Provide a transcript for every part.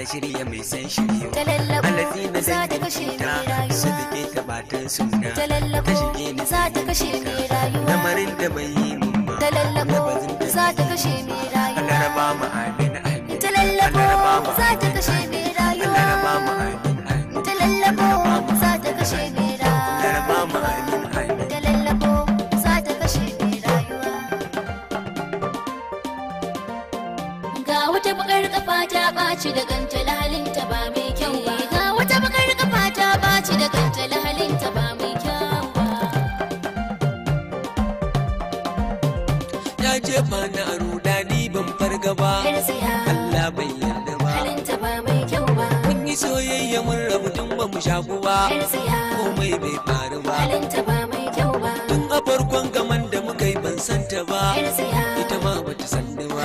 ala shirya mai san shiryo alafi na za ta kashe ta su bige ta batan suna ta shige ni za ta kashe ni rayuwa lamarin da bai yi mun ba shaguwa komai bai faru ba tun a farkon gaman da muka yi ban santa ba ita ma bata sandu ba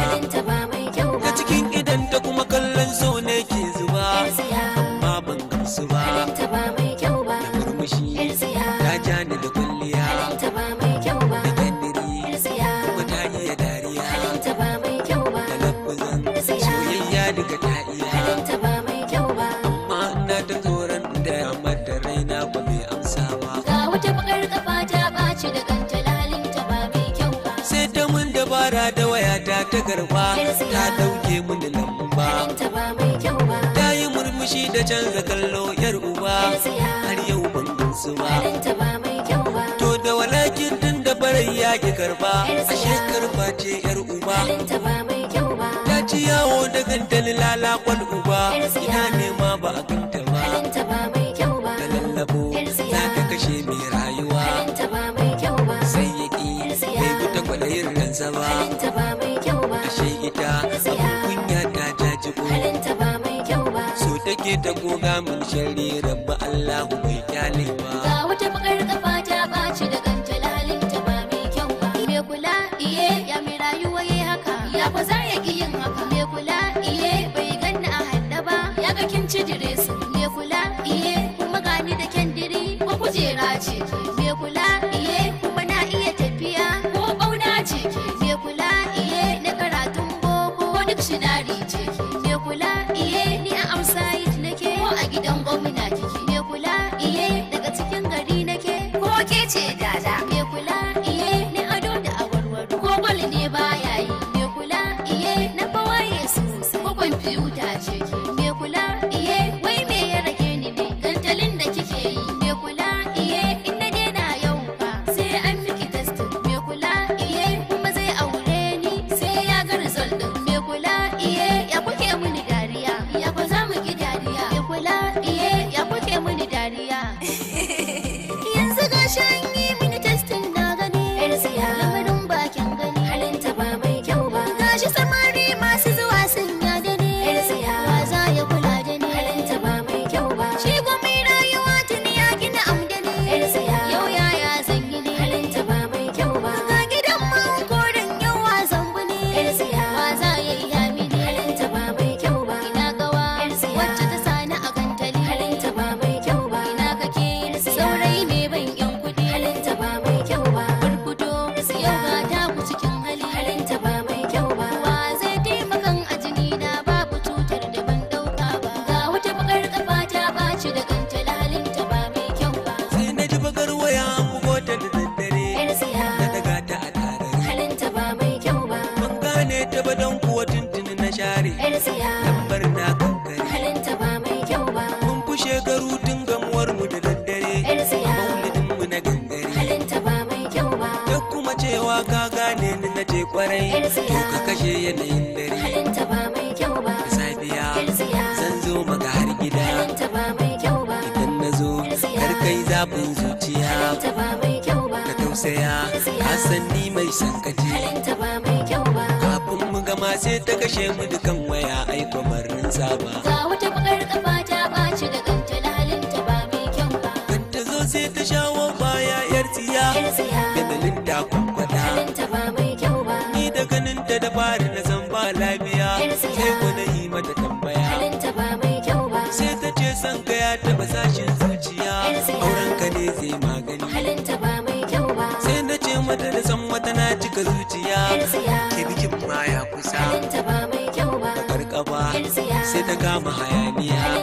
ta cikin idan ta kuma kallon so ne ke zuba amma ban gamsu ba da murmushi ta garba ta dauke mini lamba ta yi murmushi da canza kallo yar uba har yau ban gansu ba to da walakin tun da barai ya ki karba a shekarba ce yar uba ta ci yawo da gandan lalakwal uba ina nema ba a kan ke ta goga mun sharri rabba Allahu bai kyale ba. Ga wata bakar kafa ta ɓaci da ganta lalinta ba mai kyau ba. Me kula iye ya mai rayuwa haka. Ya fa that you mu shekaru tun gamuwar mu da daddare maulidin mu na gangare halinta ba mai kyau ba da kuma cewa ka gane ni na ce kwarai to ka kashe yanayin dare halinta ba mai kyau ba safiya zan zo maka har gida halinta ba mai kyau ba idan na zo kar kai zafin zuciya halinta ba mai kyau ba ka tausaya hasanni mai sankaci halinta ba mai kyau ba kafin mu gama sai ta kashe mu dukan waya ai kwamarnin saba ga wata bakar kafa ta ɓaci shawo baya yar tsiya ga dalin da kwakwada ni da ganin ta da na zan ba lafiya sai ku na yi mata tambaya sai ta ce san gaya ta taba sashin zuciya auren ka ne zai magani sai na ce mata da san wata na cika zuciya ke bikin maya kusa ta karkaba sai ta kama hayaniya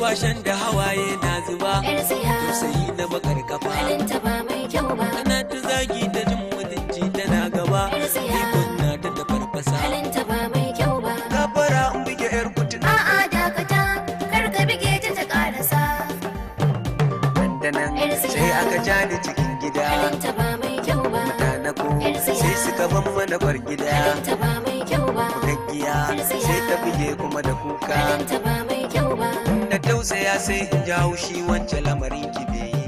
kwashen da hawaye na zuba sai na kafa tana ta zagi da jin mutunci tana gaba ikon na ta da farfasa gafara in yar ba. a'a dakata kar ka bige ta ta sai aka ni cikin gida mutanako sai suka ban mana bar gida gaggiya sai ta bige kuma da kuka ba mai kyau ba tausaya sai in ja haushi wancan lamarin ki bai